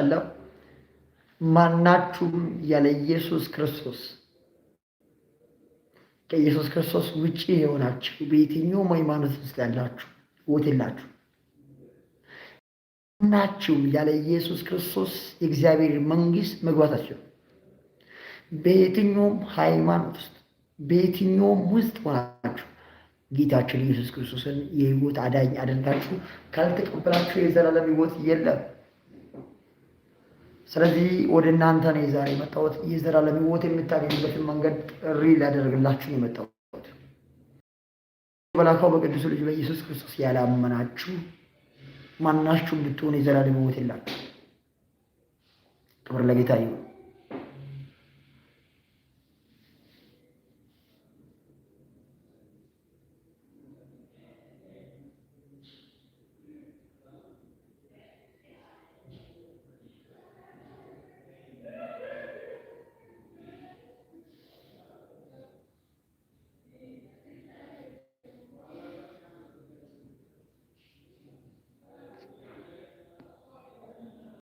አለው። ማናችሁም ያለ ኢየሱስ ክርስቶስ ከኢየሱስ ክርስቶስ ውጪ የሆናችሁ በየትኛውም ሃይማኖት ውስጥ ያላችሁ ሕይወት የላችሁ። ማናችሁም ያለ ኢየሱስ ክርስቶስ የእግዚአብሔር መንግስት መግባታችሁ በየትኛውም ሃይማኖት ውስጥ በየትኛውም ውስጥ ሆናችሁ ጌታችን ኢየሱስ ክርስቶስን የህይወት አዳኝ አድርጋችሁ ካልተቀበላችሁ የዘላለም ህይወት የለም። ስለዚህ ወደ እናንተ ነው የዛሬ የመጣሁት። የዘላለም ሕይወት የምታገኙበትን መንገድ ጥሪ ሊያደርግላችሁ የመጣሁት በላካው በቅዱስ ልጅ በኢየሱስ ክርስቶስ ያላመናችሁ ማናችሁ ብትሆን የዘላለም ሕይወት የላችሁ። ክብር ለጌታ ይሁን።